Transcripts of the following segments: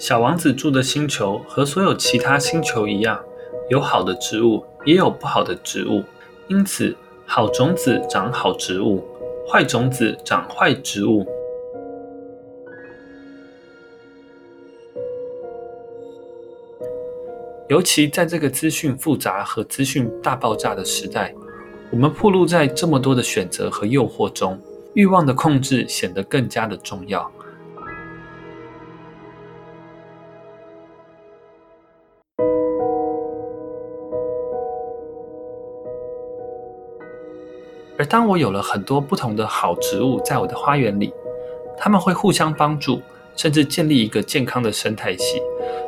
小王子住的星球和所有其他星球一樣，有好的植物，也有不好的植物。因此，好種子長好植物，壞種子長壞植物。尤其在這個資訊複雜和資訊大爆炸的時代，我們暴露在這麼多的選擇和誘惑中，慾望的控制顯得更加的重要。當我有了很多不同的好植物在我的花園裡，他們會互相幫助，甚至建立一個健康的生態系，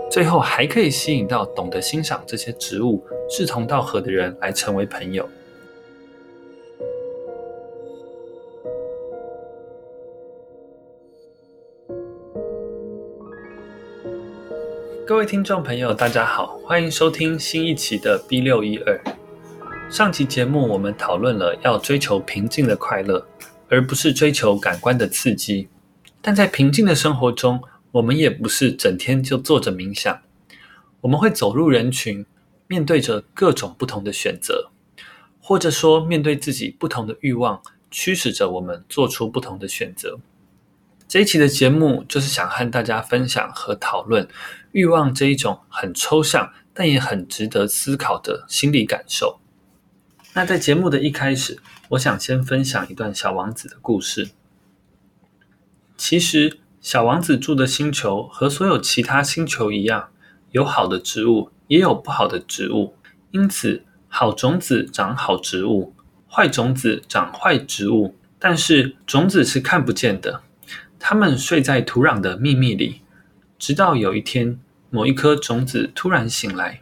最後還可以吸引到懂得欣賞這些植物志同道合的人來成為朋友。各位聽眾朋友，大家好，歡迎收聽新一期的 B612。上期節目我們討論了要追求平靜的快樂，而不是追求感官的刺激。但在平靜的生活中，我們也不是整天就坐着冥想，我們會走入人群，面對着各種不同的選擇，或者說面對自己不同的慾望，驅使着我們做出不同的選擇。這一期的節目就是想和大家分享和討論慾望這一種很抽象，但也很值得思考的心理感受。那在節目的一開始，我想先分享一段小王子的故事。其實，小王子住的星球和所有其他星球一樣，有好的植物，也有不好的植物。因此，好種子長好植物，壞種子長壞植物。但是，種子是看不見的，它們睡在土壤的秘密裡，直到有一天，某一顆種子突然醒來，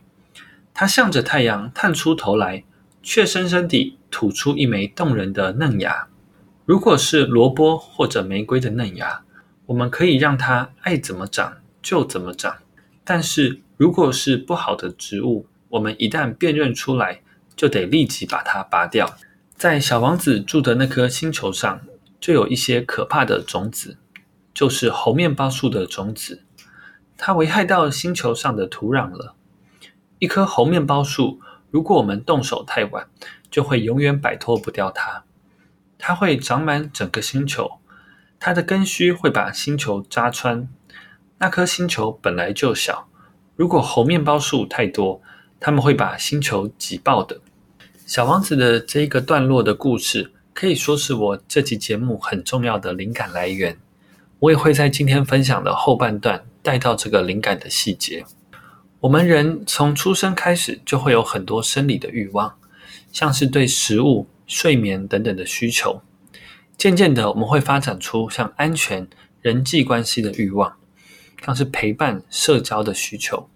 它向着太陽探出頭來。卻深深地吐出一枚動人的嫩芽。如果是蘿蔔或者玫瑰的嫩芽，我們可以讓它愛怎麼長就怎麼長。但是如果是不好的植物，我們一旦辨認出來，就得立即把它拔掉。在小王子住的那顆星球上，就有一些可怕的種子，就是猴面包樹的種子，它危害到星球上的土壤了。一棵猴面包樹。如果我們動手太晚，就會永遠擺脫不掉它。它會長滿整個星球，它的根須會把星球扎穿。那顆星球本來就小，如果猴麵包樹太多，他們會把星球擠爆的。小王子的這一個段落的故事，可以說是我這期節目很重要的靈感來源。我也會在今天分享的後半段帶到這個靈感的細節。我們人從出生開始就會有很多生理的慾望，像是對食物、睡眠等等的需求。漸漸的，我們會發展出像安全、人際關係的慾望，像是陪伴、社交的需求。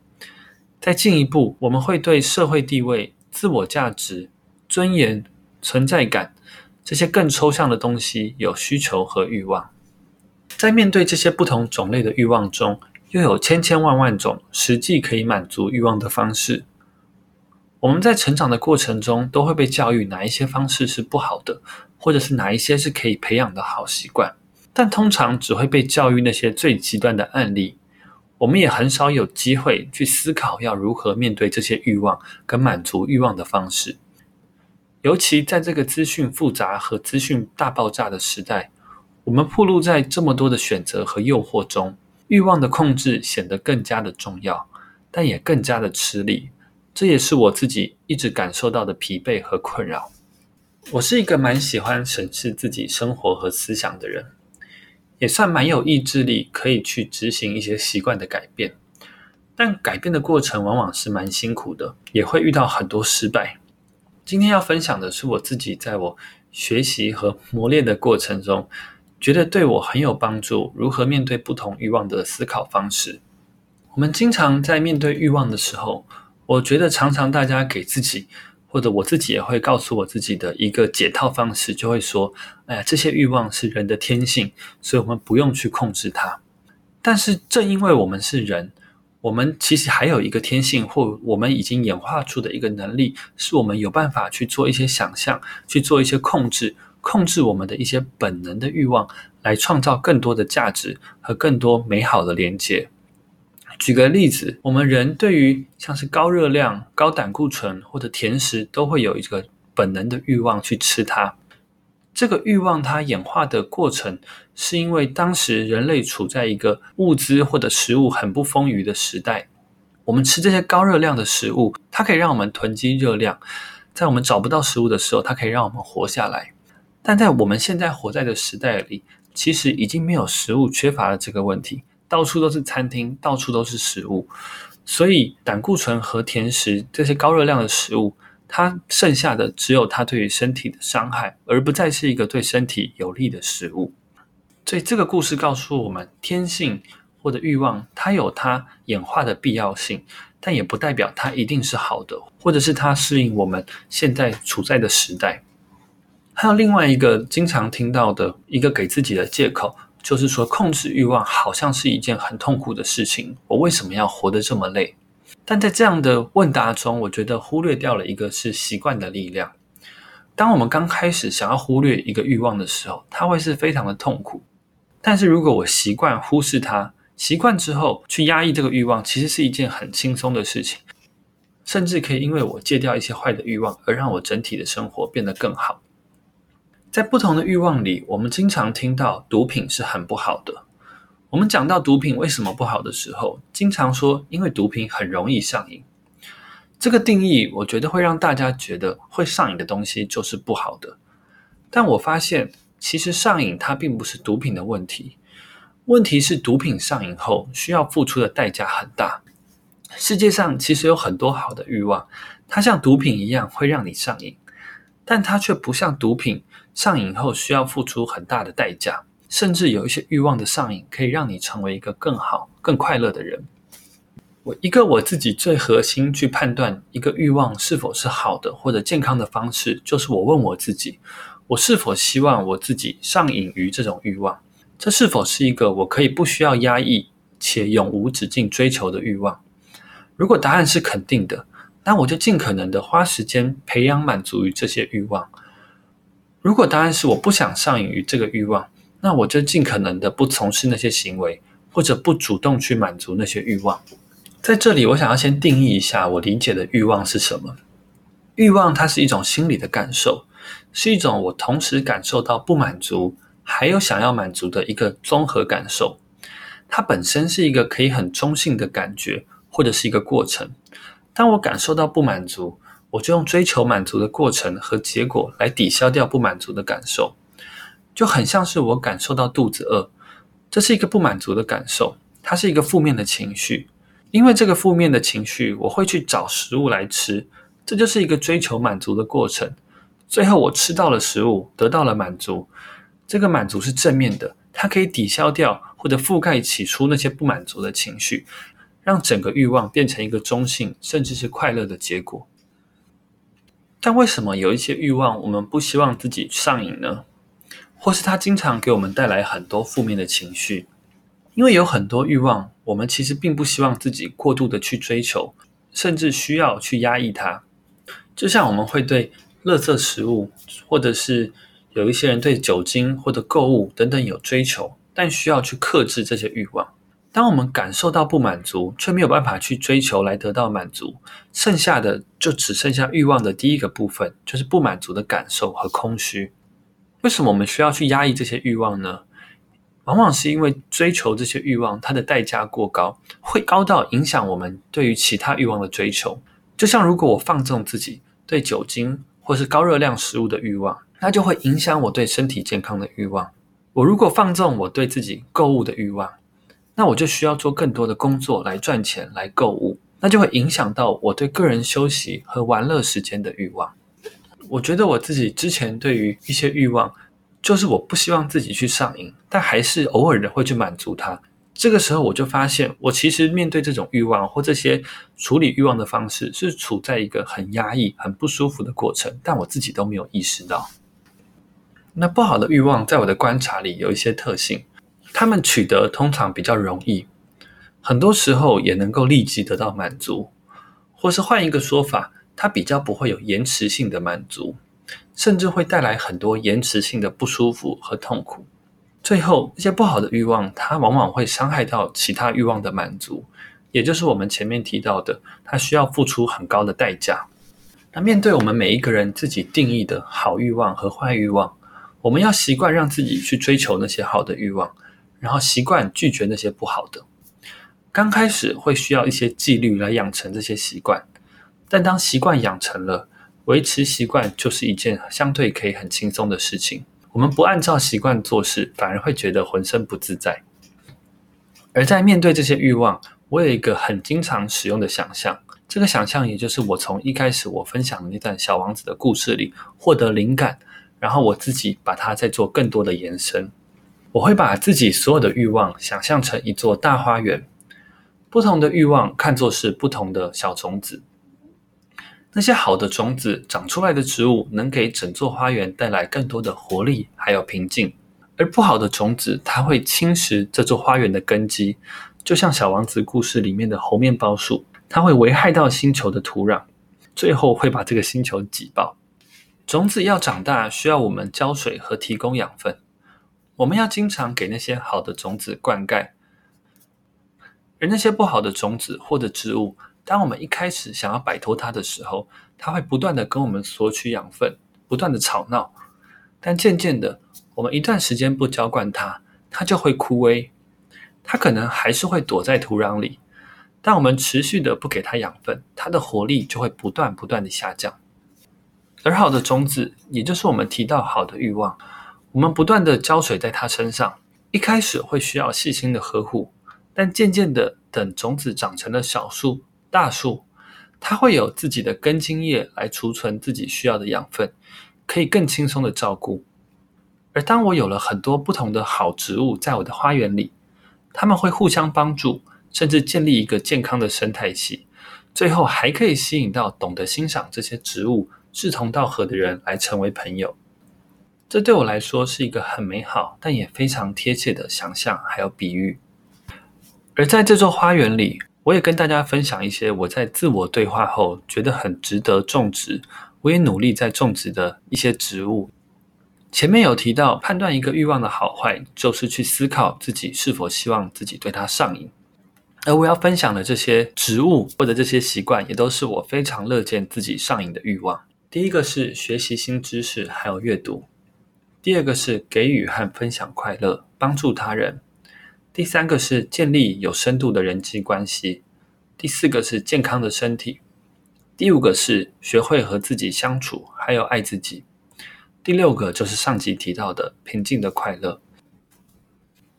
再進一步，我們會對社會地位、自我價值、尊嚴、存在感這些更抽象的東西有需求和慾望。在面對這些不同種類的慾望中，又有千千萬萬種實際可以滿足慾望的方式。我們在成長的過程中，都會被教育哪一些方式是不好的，或者是哪一些是可以培養的好習慣。但通常只會被教育那些最極端的案例。我們也很少有機會去思考要如何面對這些慾望跟滿足慾望的方式。尤其在這個資訊複雜和資訊大爆炸的時代，我們暴露在這麼多的選擇和誘惑中。慾望的控制顯得更加的重要，但也更加的吃力。這也是我自己一直感受到的疲憊和困擾。我是一個蠻喜歡審視自己生活和思想的人，也算蠻有意志力，可以去執行一些習慣的改變。但改變的過程往往是蠻辛苦的，也會遇到很多失敗。今天要分享的是我自己在我學習和磨練的過程中。覺得對我很有幫助。如何面對不同慾望的思考方式？我們經常在面對慾望的時候，我覺得常常大家給自己，或者我自己也會告訴我自己的一個解套方式，就會說：“哎呀，這些慾望是人的天性，所以我們不用去控制它。”但是正因為我們是人，我們其實還有一個天性，或我們已經演化出的一個能力，是我們有辦法去做一些想象，去做一些控制。控制我們的一些本能的欲望，來創造更多的價值和更多美好的連接。舉個例子，我們人對於像是高熱量、高膽固醇或者甜食，都會有一個本能的欲望去吃它。這個欲望它演化的過程，是因為當時人類處在一個物資或者食物很不豐裕的時代。我們吃這些高熱量的食物，它可以讓我們囤積熱量，在我們找不到食物的時候，它可以讓我們活下來。但在我們現在活在的時代裡，其實已經沒有食物缺乏了這個問題。到處都是餐廳，到處都是食物，所以膽固醇和甜食這些高熱量的食物，它剩下的只有它對於身體的傷害，而不再是一個對身體有利的食物。所以這個故事告訴我們，天性或者慾望，它有它演化的必要性，但也不代表它一定是好的，或者是它適應我們現在處在的時代。還有另外一個經常聽到的一個給自己的借口，就是說控制慾望好像是一件很痛苦的事情。我為什麼要活得這麼累？但在這樣的問答中，我覺得忽略掉了一個是習慣的力量。當我們剛開始想要忽略一個慾望的時候，它會是非常的痛苦。但是如果我習慣忽視它，習慣之後去壓抑這個慾望，其實是一件很輕鬆的事情，甚至可以因為我戒掉一些壞的慾望，而讓我整體的生活變得更好。在不同的欲望裡，我們經常聽到毒品是很不好的。我們講到毒品為什麼不好的時候，經常說因為毒品很容易上癮。這個定義我覺得會讓大家覺得會上癮的東西就是不好的。但我發現其實上癮它並不是毒品的問題，問題是毒品上癮後需要付出的代價很大。世界上其實有很多好的欲望，它像毒品一樣會讓你上癮，但它卻不像毒品。上癮後需要付出很大的代價，甚至有一些慾望的上癮可以讓你成為一個更好、更快樂的人。我一個我自己最核心去判斷一個慾望是否是好的或者健康的方式，就是我問我自己，我是否希望我自己上癮於這種慾望？這是否是一個我可以不需要壓抑且永無止境追求的慾望？如果答案是肯定的，那我就盡可能的花時間培養滿足於這些慾望。如果答案是我不想上癮於這個慾望，那我就盡可能的不從事那些行為，或者不主動去滿足那些慾望。在這裡，我想要先定義一下我理解的慾望是什麼。慾望它是一種心理的感受，是一種我同時感受到不滿足，還有想要滿足的一個綜合感受。它本身是一個可以很中性的感覺，或者是一個過程。當我感受到不滿足，我就用追求滿足的過程和結果來抵消掉不滿足的感受，就很像是我感受到肚子餓，這是一個不滿足的感受，它是一個負面的情緒。因為這個負面的情緒，我會去找食物來吃，這就是一個追求滿足的過程。最後我吃到了食物，得到了滿足，這個滿足是正面的，它可以抵消掉或者覆蓋起初那些不滿足的情緒，讓整個慾望變成一個中性甚至是快樂的結果。但為什麼有一些慾望，我們不希望自己上癮呢？或是它經常給我們帶來很多負面的情緒？因為有很多慾望，我們其實並不希望自己過度的去追求，甚至需要去壓抑它。就像我們會對垃圾食物，或者是有一些人對酒精或者購物等等有追求，但需要去克制這些慾望。當我們感受到不滿足，卻沒有辦法去追求來得到滿足，剩下的就只剩下慾望的第一個部分，就是不滿足的感受和空虛。為什麼我們需要去壓抑這些慾望呢？往往是因為追求這些慾望，它的代價過高，會高到影響我們對於其他慾望的追求。就像如果我放縱自己對酒精或是高熱量食物的慾望，那就會影響我對身體健康的慾望。我如果放縱我對自己購物的慾望，那我就需要做更多的工作來賺錢、來購物，那就會影響到我對個人休息和玩樂時間的慾望。我覺得我自己之前對於一些慾望，就是我不希望自己去上癮，但還是偶爾的會去滿足它。這個時候我就發現，我其實面對這種慾望或這些處理慾望的方式，是處在一個很壓抑、很不舒服的過程，但我自己都沒有意識到。那不好的慾望，在我的觀察裡有一些特性。他們取得通常比較容易，很多時候也能夠立即得到滿足，或是換一個說法，它比較不會有延遲性的滿足，甚至會帶來很多延遲性的不舒服和痛苦。最後，一些不好的慾望，它往往會傷害到其他慾望的滿足，也就是我們前面提到的，它需要付出很高的代價。那面對我們每一個人自己定義的好慾望和壞慾望，我們要習慣讓自己去追求那些好的慾望。然後習慣拒絕那些不好的。剛開始會需要一些紀律來養成這些習慣，但當習慣養成了，維持習慣就是一件相對可以很輕鬆的事情。我們不按照習慣做事，反而會覺得渾身不自在。而在面對這些慾望，我有一個很經常使用的想象，這個想象也就是我從一開始我分享的那段小王子的故事裡獲得靈感，然後我自己把它再做更多的延伸。我會把自己所有的欲望想象成一座大花園，不同的欲望看作是不同的小種子。那些好的種子長出來的植物，能給整座花園帶來更多的活力還有平靜。而不好的種子，它會侵蝕這座花園的根基，就像小王子故事裡面的猴麵包樹，它會危害到星球的土壤，最後會把這個星球擠爆。種子要長大，需要我們澆水和提供養分。我們要經常給那些好的種子灌溉，而那些不好的種子或者植物，當我們一開始想要擺脫它的時候，它會不斷地跟我們索取養分，不斷地吵鬧。但漸漸的，我們一段時間不澆灌它，它就會枯萎。它可能還是會躲在土壤裡，但我們持續地不給它養分，它的活力就會不斷不斷地下降。而好的種子，也就是我們提到好的慾望。我們不斷的澆水在它身上，一開始會需要細心的呵護，但漸漸的，等種子長成了小樹、大樹，它會有自己的根莖葉來儲存自己需要的養分，可以更輕鬆的照顧。而當我有了很多不同的好植物在我的花園裡，它們會互相幫助，甚至建立一個健康的生態系，最後還可以吸引到懂得欣賞這些植物、志同道合的人來成為朋友。這對我來說是一個很美好，但也非常貼切的想象，還有比喻。而在這座花園裡，我也跟大家分享一些我在自我對話後覺得很值得種植，我也努力在種植的一些植物。前面有提到，判斷一個慾望的好壞，就是去思考自己是否希望自己對它上癮。而我要分享的這些植物或者這些習慣，也都是我非常樂見自己上癮的慾望。第一個是學習新知識，還有閱讀。第二個是給予和分享快樂，幫助他人；第三個是建立有深度的人際關係；第四個是健康的身體；第五個是學會和自己相處，還有愛自己；第六個就是上集提到的平靜的快樂。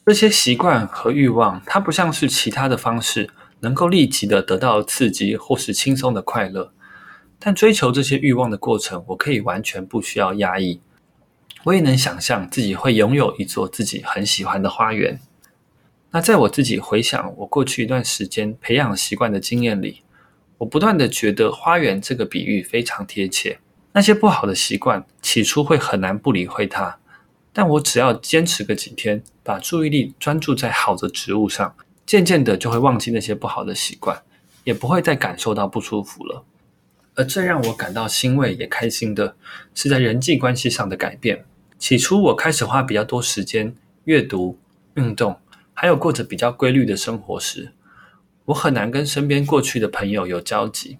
這些習慣和欲望，它不像是其他的方式能夠立即的得到刺激或是輕鬆的快樂，但追求這些欲望的過程，我可以完全不需要壓抑。我也能想象自己會擁有一座自己很喜歡的花園。那在我自己回想我過去一段時間培養習慣的經驗裡，我不斷的覺得“花園”這個比喻非常貼切。那些不好的習慣起初會很難不理會它，但我只要堅持個幾天，把注意力專注在好的植物上，漸漸的就會忘記那些不好的習慣，也不會再感受到不舒服了。而最讓我感到欣慰也開心的是在人際關係上的改變。起初，我開始花比較多時間閱讀、運動，還有過着比較規律的生活時，我很難跟身邊過去的朋友有交集。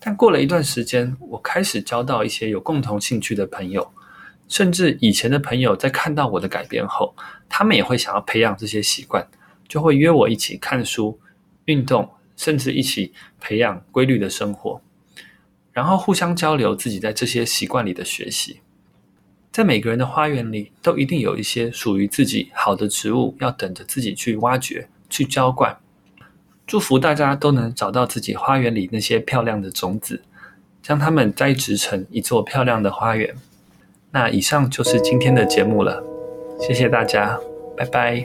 但過了一段時間，我開始交到一些有共同興趣的朋友，甚至以前的朋友在看到我的改變後，他們也會想要培養這些習慣，就會約我一起看書、運動，甚至一起培養規律的生活，然後互相交流自己在這些習慣裡的學習。在每個人的花園裡，都一定有一些屬於自己好的植物，要等着自己去挖掘、去澆灌。祝福大家都能找到自己花園裡那些漂亮的種子，將它們栽植成一座漂亮的花園。那以上就是今天的節目了，謝謝大家，拜拜。